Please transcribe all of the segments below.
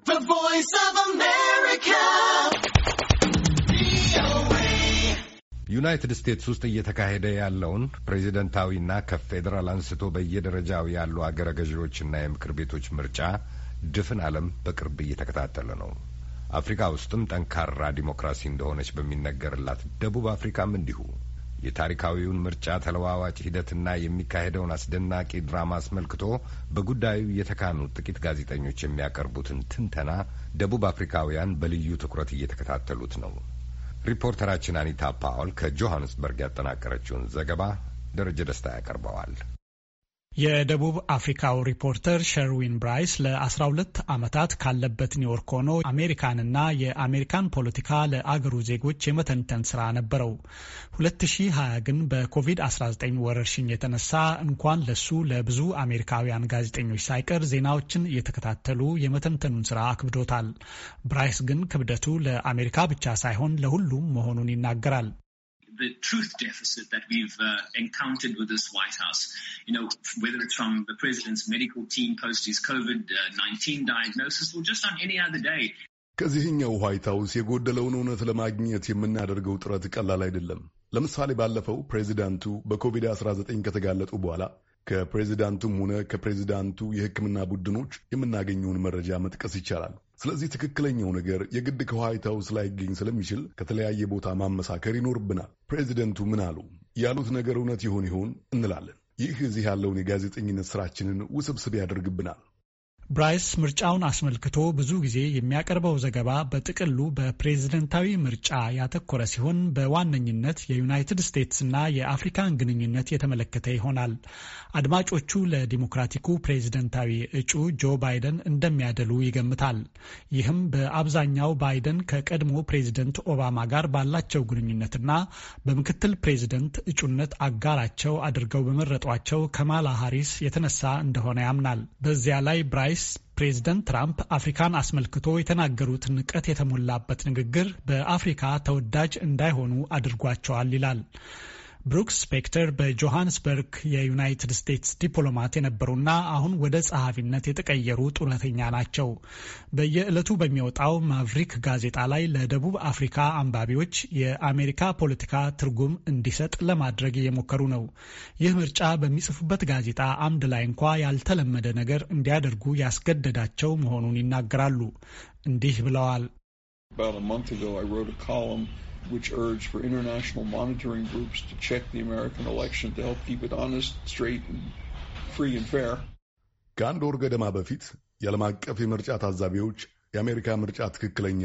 The Voice of America. ዩናይትድ ስቴትስ ውስጥ እየተካሄደ ያለውን ፕሬዚደንታዊና ከፌዴራል አንስቶ በየደረጃው ያሉ አገረ ገዢዎችና የምክር ቤቶች ምርጫ ድፍን ዓለም በቅርብ እየተከታተለ ነው። አፍሪካ ውስጥም ጠንካራ ዲሞክራሲ እንደሆነች በሚነገርላት ደቡብ አፍሪካም እንዲሁ የታሪካዊውን ምርጫ ተለዋዋጭ ሂደትና የሚካሄደውን አስደናቂ ድራማ አስመልክቶ በጉዳዩ የተካኑ ጥቂት ጋዜጠኞች የሚያቀርቡትን ትንተና ደቡብ አፍሪካውያን በልዩ ትኩረት እየተከታተሉት ነው። ሪፖርተራችን አኒታ ፓውል ከጆሃንስበርግ ያጠናቀረችውን ዘገባ ደረጀ ደስታ ያቀርበዋል። የደቡብ አፍሪካው ሪፖርተር ሸርዊን ብራይስ ለ12 ዓመታት ካለበት ኒውዮርክ ሆኖ አሜሪካንና የአሜሪካን ፖለቲካ ለአገሩ ዜጎች የመተንተን ስራ ነበረው። 2020 ግን በኮቪድ-19 ወረርሽኝ የተነሳ እንኳን ለሱ ለብዙ አሜሪካውያን ጋዜጠኞች ሳይቀር ዜናዎችን እየተከታተሉ የመተንተኑን ስራ አክብዶታል። ብራይስ ግን ክብደቱ ለአሜሪካ ብቻ ሳይሆን ለሁሉም መሆኑን ይናገራል። the truth deficit that we've uh, encountered with this White House. You know, whether it's from the president's medical team post his COVID 19 diagnosis or just on any other day. ከዚህኛው ዋይት ሀውስ የጎደለውን እውነት ለማግኘት የምናደርገው ጥረት ቀላል አይደለም። ለምሳሌ ባለፈው ፕሬዚዳንቱ በኮቪድ-19 ከተጋለጡ በኋላ ከፕሬዚዳንቱም ሆነ ከፕሬዚዳንቱ የሕክምና ቡድኖች የምናገኘውን መረጃ መጥቀስ ይቻላል። ስለዚህ ትክክለኛው ነገር የግድ ከዋይት ሀውስ ላይገኝ ስለሚችል ከተለያየ ቦታ ማመሳከር ይኖርብናል። ፕሬዚደንቱ ምን አሉ ያሉት ነገር እውነት ይሆን ይሆን እንላለን። ይህ እዚህ ያለውን የጋዜጠኝነት ስራችንን ውስብስብ ያደርግብናል። ብራይስ ምርጫውን አስመልክቶ ብዙ ጊዜ የሚያቀርበው ዘገባ በጥቅሉ በፕሬዝደንታዊ ምርጫ ያተኮረ ሲሆን በዋነኝነት የዩናይትድ ና የአፍሪካን ግንኙነት የተመለከተ ይሆናል። አድማጮቹ ለዲሞክራቲኩ ፕሬዝደንታዊ እጩ ጆ ባይደን እንደሚያደሉ ይገምታል። ይህም በአብዛኛው ባይደን ከቀድሞ ፕሬዝደንት ኦባማ ጋር ባላቸው ግንኙነትና በምክትል ፕሬዝደንት እጩነት አጋራቸው አድርገው በመረጧቸው ከማላ ሃሪስ የተነሳ እንደሆነ ያምናል። በዚያ ላይ ብራይስ ዩኤስ ፕሬዝደንት ትራምፕ አፍሪካን አስመልክቶ የተናገሩት ንቀት የተሞላበት ንግግር በአፍሪካ ተወዳጅ እንዳይሆኑ አድርጓቸዋል ይላል። ብሩክስ ስፔክተር በጆሃንስበርግ የዩናይትድ ስቴትስ ዲፕሎማት የነበሩና አሁን ወደ ጸሐፊነት የተቀየሩ ጡረተኛ ናቸው። በየዕለቱ በሚወጣው ማቭሪክ ጋዜጣ ላይ ለደቡብ አፍሪካ አንባቢዎች የአሜሪካ ፖለቲካ ትርጉም እንዲሰጥ ለማድረግ እየሞከሩ ነው። ይህ ምርጫ በሚጽፉበት ጋዜጣ አምድ ላይ እንኳ ያልተለመደ ነገር እንዲያደርጉ ያስገደዳቸው መሆኑን ይናገራሉ። እንዲህ ብለዋል። which urged for international monitoring groups to check the American election to help keep it honest, straight, and free and fair. ከአንድ ወር ገደማ በፊት የዓለም አቀፍ የምርጫ ታዛቢዎች የአሜሪካ ምርጫ ትክክለኛ፣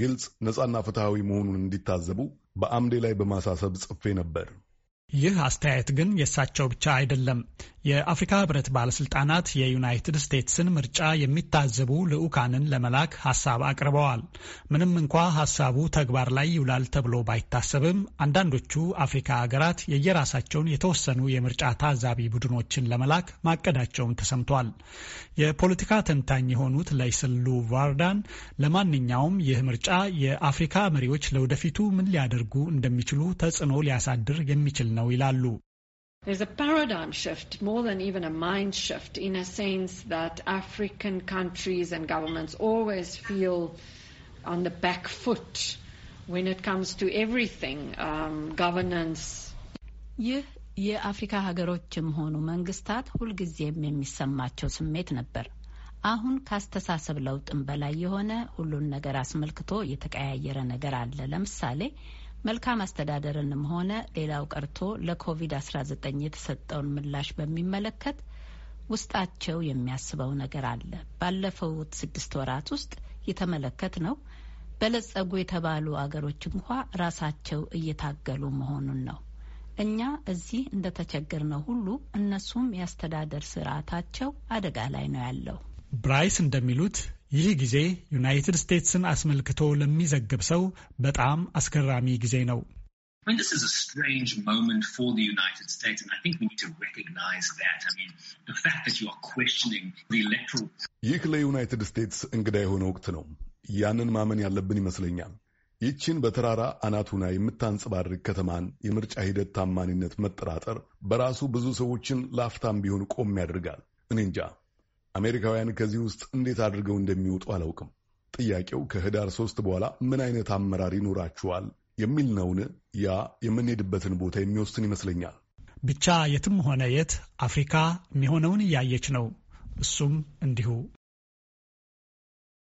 ግልጽ፣ ነፃና ፍትሐዊ መሆኑን እንዲታዘቡ በአምዴ ላይ በማሳሰብ ጽፌ ነበር። ይህ አስተያየት ግን የእሳቸው ብቻ አይደለም። የአፍሪካ ህብረት ባለስልጣናት የዩናይትድ ስቴትስን ምርጫ የሚታዘቡ ልዑካንን ለመላክ ሀሳብ አቅርበዋል። ምንም እንኳ ሀሳቡ ተግባር ላይ ይውላል ተብሎ ባይታሰብም አንዳንዶቹ አፍሪካ ሀገራት የየራሳቸውን የተወሰኑ የምርጫ ታዛቢ ቡድኖችን ለመላክ ማቀዳቸውም ተሰምቷል። የፖለቲካ ተንታኝ የሆኑት ለይስሉ ቫርዳን ለማንኛውም ይህ ምርጫ የአፍሪካ መሪዎች ለወደፊቱ ምን ሊያደርጉ እንደሚችሉ ተጽዕኖ ሊያሳድር የሚችል ነው ይላሉ። ይህ የአፍሪካ ሀገሮችም ሆኑ መንግስታት ሁልጊዜም የሚሰማቸው ስሜት ነበር። አሁን ከአስተሳሰብ ለውጥም በላይ የሆነ ሁሉን ነገር አስመልክቶ የተቀያየረ ነገር አለ። ለምሳሌ መልካም አስተዳደርንም ሆነ ሌላው ቀርቶ ለኮቪድ-19 የተሰጠውን ምላሽ በሚመለከት ውስጣቸው የሚያስበው ነገር አለ። ባለፈውት ስድስት ወራት ውስጥ የተመለከት ነው በለጸጉ የተባሉ አገሮች እንኳ ራሳቸው እየታገሉ መሆኑን ነው። እኛ እዚህ እንደ ተቸገር ነው ሁሉ እነሱም የአስተዳደር ስርዓታቸው አደጋ ላይ ነው ያለው። ብራይስ እንደሚሉት ይህ ጊዜ ዩናይትድ ስቴትስን አስመልክቶ ለሚዘግብ ሰው በጣም አስገራሚ ጊዜ ነው። ይህ ለዩናይትድ ስቴትስ እንግዳ የሆነ ወቅት ነው። ያንን ማመን ያለብን ይመስለኛል። ይችን በተራራ አናቱና የምታንጸባርቅ ከተማን የምርጫ ሂደት ታማኒነት መጠራጠር በራሱ ብዙ ሰዎችን ላፍታም ቢሆን ቆም ያደርጋል። እኔ እንጃ አሜሪካውያን ከዚህ ውስጥ እንዴት አድርገው እንደሚወጡ አላውቅም። ጥያቄው ከህዳር ሶስት በኋላ ምን አይነት አመራር ይኖራችኋል የሚል ነውን? ያ የምንሄድበትን ቦታ የሚወስን ይመስለኛል። ብቻ የትም ሆነ የት አፍሪካ የሚሆነውን እያየች ነው። እሱም እንዲሁ